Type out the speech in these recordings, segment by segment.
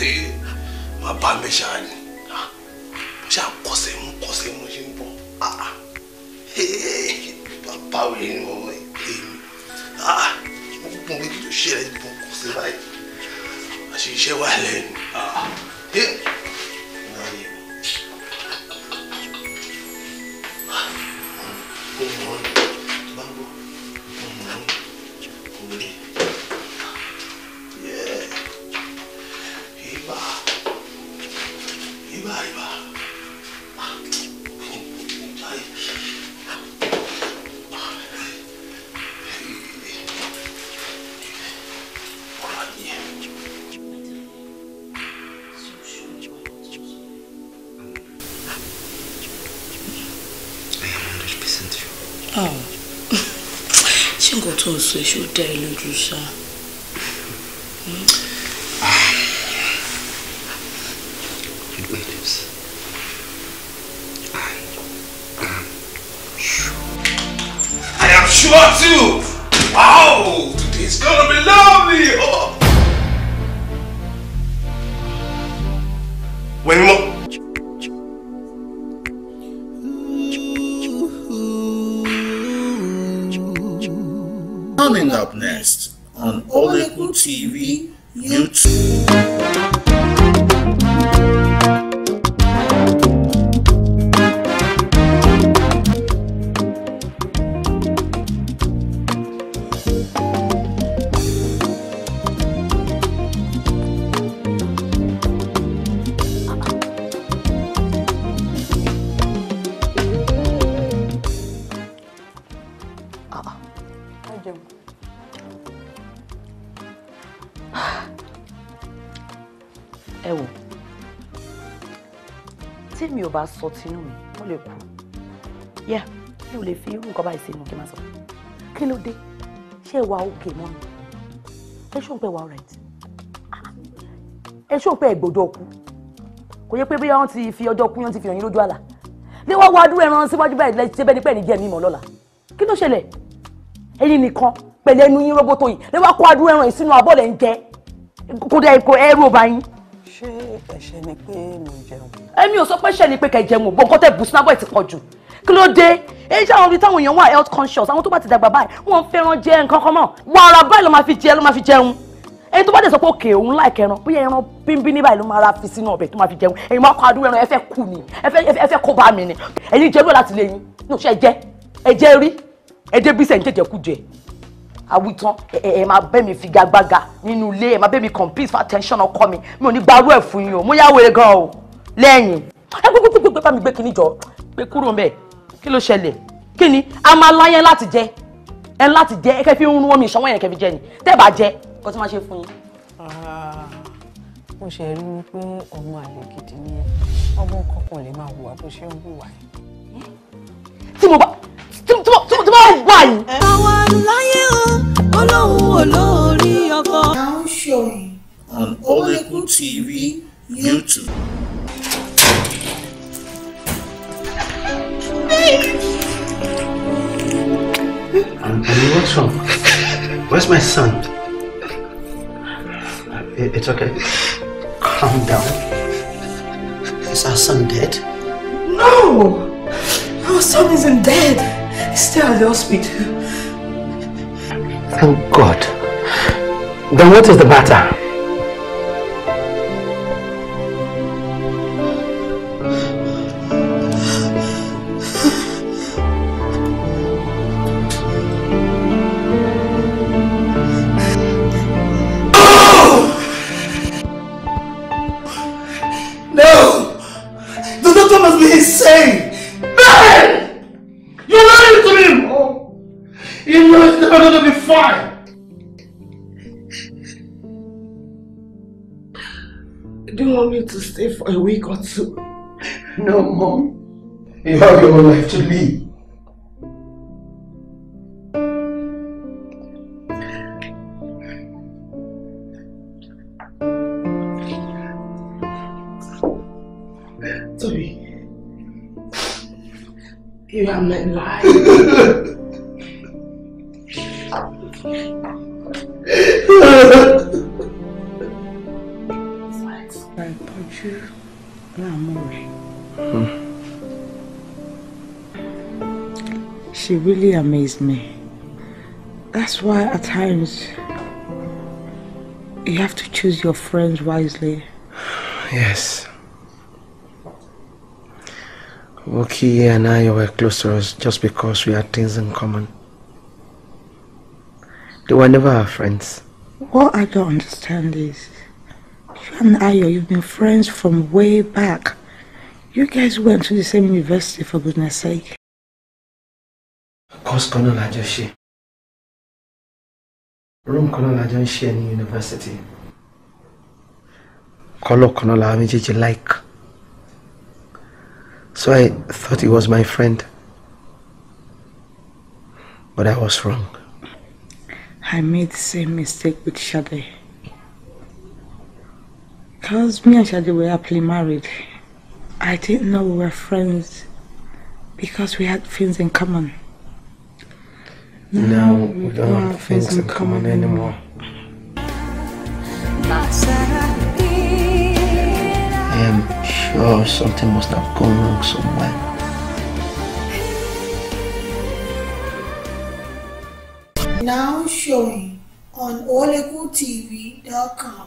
pé màá bá mi ṣáà ni ah, mo ṣáà kọsẹ̀ mú kọsẹ̀ mú ṣe ń bọ̀ ah, ah. bàbá òye ni mo mọ̀ èmi gbogbo mi kí ló ṣe ẹ̀ ń bọ̀ kọsẹ̀ báyìí àṣìṣe wà lẹ́nu. Eh. sọ èso dá ẹ lójú ṣá. Read my I am sure too. Next on Oleku TV, YouTube. Hocam. ẹ wò tí mi ò bá sọ tinú mi mo lè kú yẹ mi ò lè fi irú nǹkan báyìí sínú kí n má sọ kí ló dé ṣé ẹ wà òkè mọ́ mi ẹ ṣó ń pẹ́ wà ọ̀rẹ́t ẹ ṣó ń pẹ́ ẹ̀gbọ́dọ̀ kú kò yẹ pé bí wọ́n ti fi ọjọ́ kú yẹn ti fi hàn yín lójú àlà ní wọ́n wá dúró ẹran síwájú báyìí lẹ́yìn tí bẹ́ẹ̀ ni pẹ́ẹ́ni jẹ́ mi mọ̀ lọ́la kí ló ṣẹlẹ̀ ẹ̀yin nìkan pẹ̀lẹ́ nu yín roboto yìí lè wá kó adúrú ẹran yìí sínú abọ́ lẹ̀ ń jẹ kó dẹ kó ẹrú ọba yín. ṣé ẹ̀ṣẹ̀ ni pé mi jẹun. èmi ò sọ pé ẹ̀ṣẹ̀ ni pé kẹ̀ jẹun bọ̀ nǹkan bù sínú ẹ̀ ti pọ̀ jù kí ló dé èyí àwọn ibi táwọn èèyàn wà health conscious àwọn tó bá ti dàgbà báyìí wọ́n fẹ́ràn jẹ nǹkan kan mọ́ wàrà báyìí ló máa fi jẹ ló máa fi jẹun ẹni tó bá dẹ̀ sọ pé òkè òun láìka ẹran bóyá ẹran bínbín ní báyìí ló máa ra fi sínú ọbẹ̀ tó máa fi jẹun ẹ̀yin máa kọ adúrú ẹran ẹ kù ni ẹ kó bá mi ni ẹ̀yin jẹ́ lóò láti lè yín ní òṣè jẹ́ ẹ rí ẹ jẹ́ bí sẹ́yìn jẹ́jẹ́ kú jẹ́ awitan ẹ ẹ máa bẹ́ mi figagbága nínú ilé ẹ máa bẹ́ mi compete for attention ọkọ mi mi ò ní gbarú ẹ̀ fún yín o mo yá wèrè gan o lẹ́yìn. ẹ gbé gbé gbé bá mi gbé kíní jọ pé kúrò mbẹ kí ló ṣẹlẹ̀ kí ni a máa láyé láti jẹ ẹ láti jẹ ẹ kẹ́ fi ń rún omi ìṣọwọ́ yẹn kẹ́ fi jẹ ni tẹ́ bá jẹ kó tí wọ́n ṣe fún yín. Ah, mo ṣe rí i pé ọmọ àlè gidi ni ọmọ kọkàn lè máa hùwà bó ṣe ń hùwà yìí. tí mo bá tí mo bá wà yìí. àwọn láyé olórí ọkọ. now showing on Oleku TV YouTube. I mean, what's wrong? Where's my son? it's okay. Calm down. Is our son dead? No! Our son isn't dead. He's still at the hospital. Thank oh, God. Then what is the matter? No! The doctor must be insane! we're going to be fine. Do you want me to stay for a week or two? No, Mom. You have your own life to live. Sorry. You are my life. she really amazed me. That's why at times you have to choose your friends wisely. Yes. Woki and I were close to us just because we had things in common. They were never our friends. What I don't understand is, you and I, you've been friends from way back. You guys went to the same university for goodness sake course kan náà lájọ ṣe room kan náà lájọ ń ṣe ní yunifásitì kọ́lọ̀ kan náà làwọn méjèèjì like so I thought he was my friend but I was wrong. I made the same mistake with Shade. Because me and Shade were happily married. I didn't know we were friends because we had things in common. Now mm-hmm. we don't have mm-hmm. things in common mm-hmm. anymore. I am sure something must have gone wrong somewhere. Now showing on olegutv.com.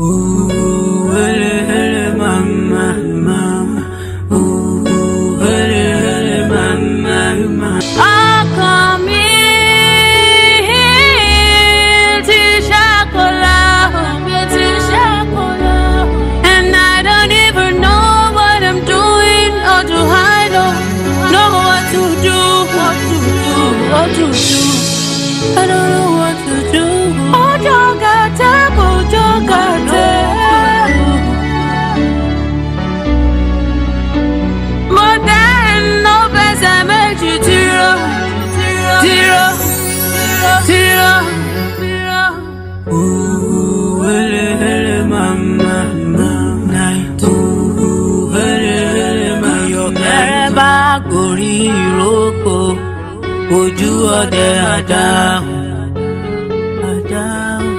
Ooh. tira uwele hele mama naitu uwele hele mayo ẹrẹ bá gorí ìrókò ojú ọdẹ àdáhùn.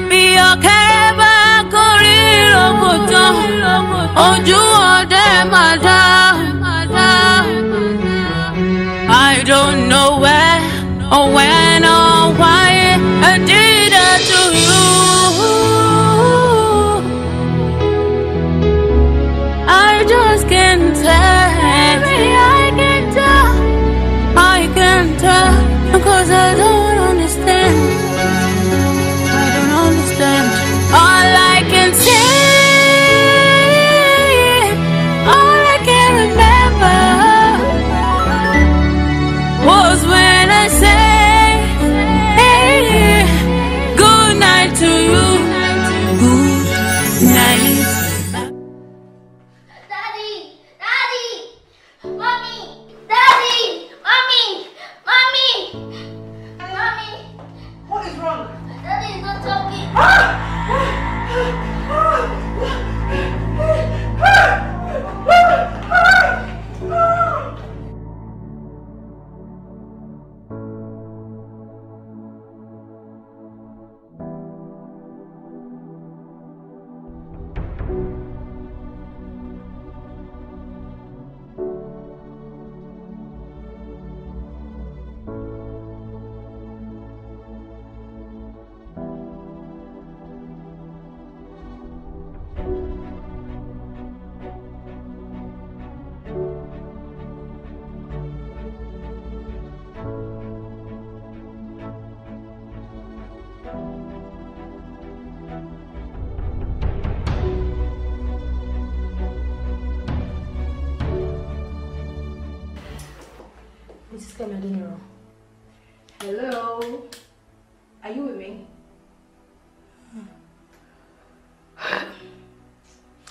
bí ọ̀kẹ́rẹ́ bá gorí ìrókò tán ojú.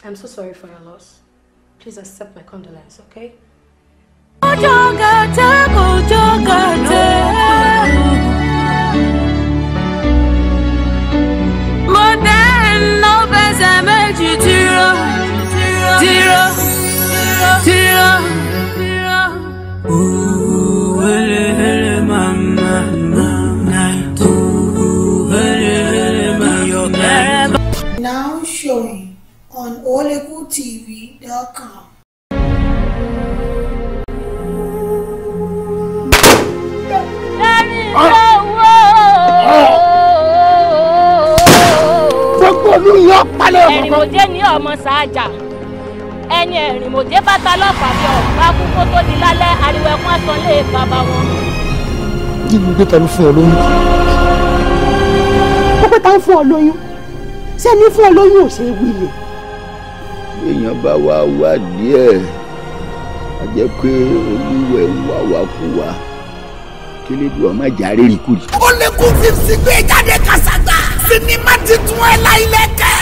I'm so sorry for your loss. Please accept my condolence, okay? lọ́kàn. ẹni lówó. gbogbo olú yóò palẹ̀ ọ̀kọ̀ọ̀kan. ẹ̀rìnmọ̀jẹ́ ní ọmọ ṣáájà ẹni ẹ̀rìnmọ̀jẹ́ bàtà lọ́fà bí ọ̀pá kókó tó di lálẹ́ ariwo ẹ̀kún àtàn lé bàbá wọn. jíjìn gbé tẹnu fún ọ lóyún. ó pẹ́ tá ń fún ọ lóyún ṣé ní fún ọ lóyún ò ṣe é wílé èèyàn bá wá wádìí ẹ̀ a jẹ́ pé olúwẹ̀ ń wá wá kú wa kí lè dùn ọmọ ìjà rẹ̀ rí kúrì. ó lè kún fífi gbé jáde kàṣàgbà sinimá titun ẹ̀ la ilẹ̀ kẹ́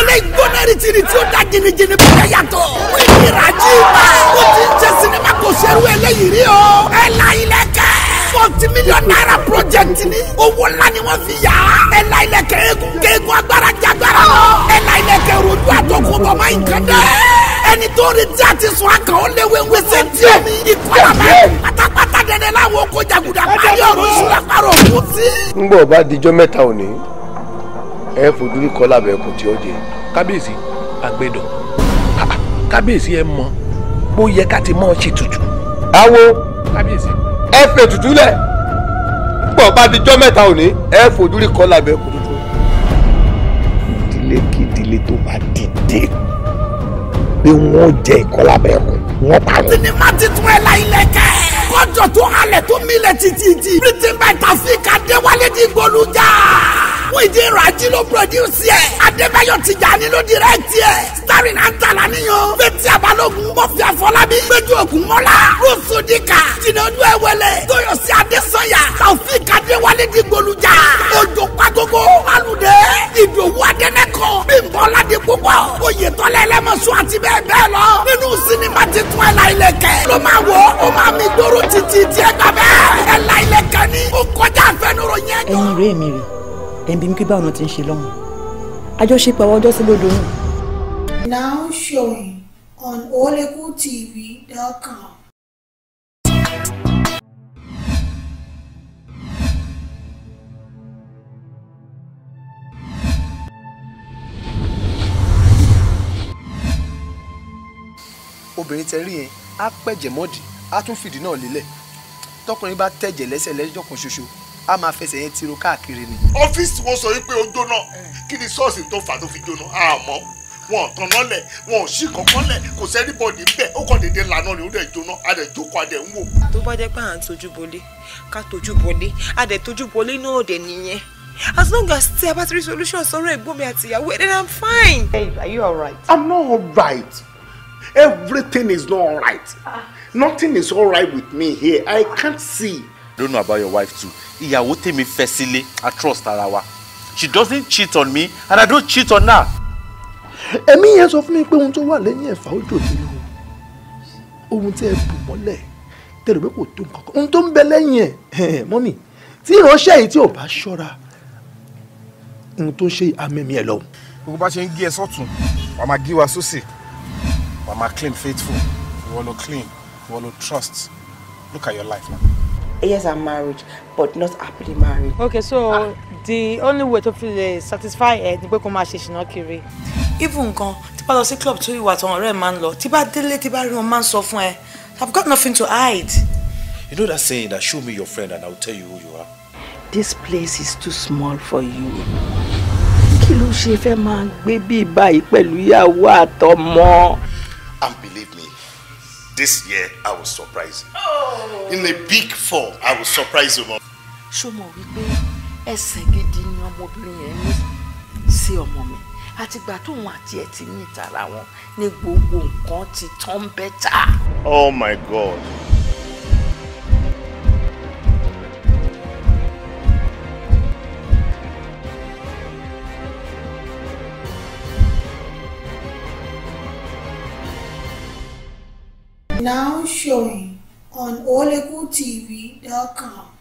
ilé ah! gbóná rìtìrì tí ó dá jìnnìjìnnì bẹ́ẹ̀ yàtọ̀ wíìlì ìrajì ìgbà ó ti ń jẹ sinimá kò ṣerú eléyìí rí o. ẹ multi million naira project ni owó ńlá ni wọ́n fi yà á. ẹ la ilẹ̀kẹ̀ agbára jagbara lọ. ẹ la ilẹ̀kẹ̀ rojú àtọkùn dẹ. ẹni tó sùn ó léwé wẹsẹ̀ ìkọlà pátápátá dẹdẹ láwọn oko bọ̀ bá dijọ́ mẹ́ta òní ẹ fojú rí kọ́ lábẹ́ ẹkùn tí ó jẹ. kábíyèsí àgbẹ̀dọ̀ kábíyèsí ẹ mọ bó yẹ ká ti mọ awo. ẹ fẹ́ tutù lẹ̀ pọ̀ bá dijọ́ mẹ́ta òní ẹ fojú rí kọ́ lábẹ́ kò tuntun. ìdílé kí ìdílé tó bá dìde pé wọ́n jẹ ìkọ́lá bẹ́ẹ̀ kù wọ́n pa wọ́n. sinimá ti tún ẹ la ilẹ̀ kẹ́. kọjọ tó halẹ̀ tó milẹ̀ títí tí. bí ti bá ta fi ka déwálé di gbólújà. Muhyiddin Raji ló produce ẹ̀. Adébáyọ̀ Tijani ló direct ẹ̀. starring Antala níyan. Fẹ́tí Abalógun. Mọ̀fí Afọlábí. Péjú Ògúnmọ́lá. Rúùsù Díkà. Jìnnàjú Ẹ̀wẹ̀lẹ̀. Tóyọ̀sí Adésanya. Taofik Adéwálé Dìgbòlujà. Òjò Pàgógó. Alùdé. Ìdòwú Adẹ́nẹ́kọ̀. Bímbọ́lá Dìgbòpọ̀. Oyètọ́lẹ̀ Ẹlẹ́mọ̀sọ àti bẹ́ẹ̀ bẹ́ẹ̀ lọ. Nínú sinimá ti tún ẹ̀ la ilẹ̀ kẹ̀. Ló máa wọ ó máa mi gbóró títí tí ẹ Ẹ̀ la ilẹ̀ kẹ̀ ni. Ó kọjá àfẹnuro yẹn jọ. Ẹ̀yin mi rèé ẹ̀ǹbí mi kí báwọn ti ń ṣe lọ́hùn àjọṣepọ̀ àwọn ọjọ́ sí lódò náà. now showing on olekutv.com. obìnrin tẹ rí yẹn á pẹ̀jẹ̀ mọ́dì á tún fìdí náà lélẹ̀ tọkùnrin bá tẹ̀jẹ̀ lẹ́sẹ̀ lẹ́jọ́ kan ṣoṣo a máa fẹsẹ̀ yẹn tiro káàkiri ni. ọ́fíìsì wọn sọ wípé ó jóná kí ni ṣọ́ọ̀ṣì tó fà tó fi jóná àmọ́ wọn ò tanná lẹ̀ wọn ò sí kankan lẹ̀ kò sẹ́ni bọ́ọ̀dì ńbẹ̀ ó kàn déédéé lànà ni ó dẹ̀ jóná a dẹ̀ jókòó a dẹ̀ ń wò. tó bá jẹ́ pé à ń tojú bolé ká tojú bolé a dẹ̀ tojú bolé náà dẹ̀ nìyẹn as long as tí a bá ti rí solution sọ̀rọ̀ ẹ̀gbọ́n mi àti ìyàwó ẹ̀ then i'm fine. babe are you alright. i'm not alright everything is not alright ah. nothing is alright with me here i can't see don't know about your wife too ìyàwó tèmi fẹ́ sílé i trust ara wa she doesn't cheat on me and i don't cheat on her. ẹ̀mí yẹn sọ fún mi pé ohun tó wà lẹ́yìn ẹ̀fà ojú òtí ni ohun tí ẹ bù mọ́lẹ̀ tẹ̀lé pé kò tó nǹkan kan ohun tó ń bẹ lẹ́yìn ẹ̀ mọ́mì tí ìránṣẹ́ yìí tí ò bá ṣọ́ra ohun tó ń ṣe amẹ́mí ẹ̀ lọ́hùn. gbogbo bá ṣe ń gé ẹ sọ́tún wàá máa gé wa sósì wàá máa claim faithful ìwọ ló claim ìwọ ló trust look at your life now yes i'm married but not happily married. okay so ah. the only way to feel uh, satisfied ẹ eh, ni pé kó máa ṣe ṣìnà kiri. even nǹkan tí bá lọ sí club tó ìwà àtọ̀hún ọ̀rẹ́ máa ń lọ tí bá délé tí bá rí wọn máa ń sọ fún ẹ i've got nothing to hide. you know that saying that show me your friend and I will tell you who you are. this place is too small for you. kí ló ṣe fẹ́ máa gbé bí báyìí pẹ̀lú ìyàwó àtọmọ. This year, I will surprise you. Oh. In a big four, I will surprise you. Ṣó wípé ẹsẹ̀ gidi ni ọmọbìnrin yẹn ní sí ọmọ mi. Àtìgbà tóun àti ẹ̀ ti ní ìtara wọn ní gbogbo nǹkan ti tán bẹ́tà. Oh my God! Now showing on OleguTV.com.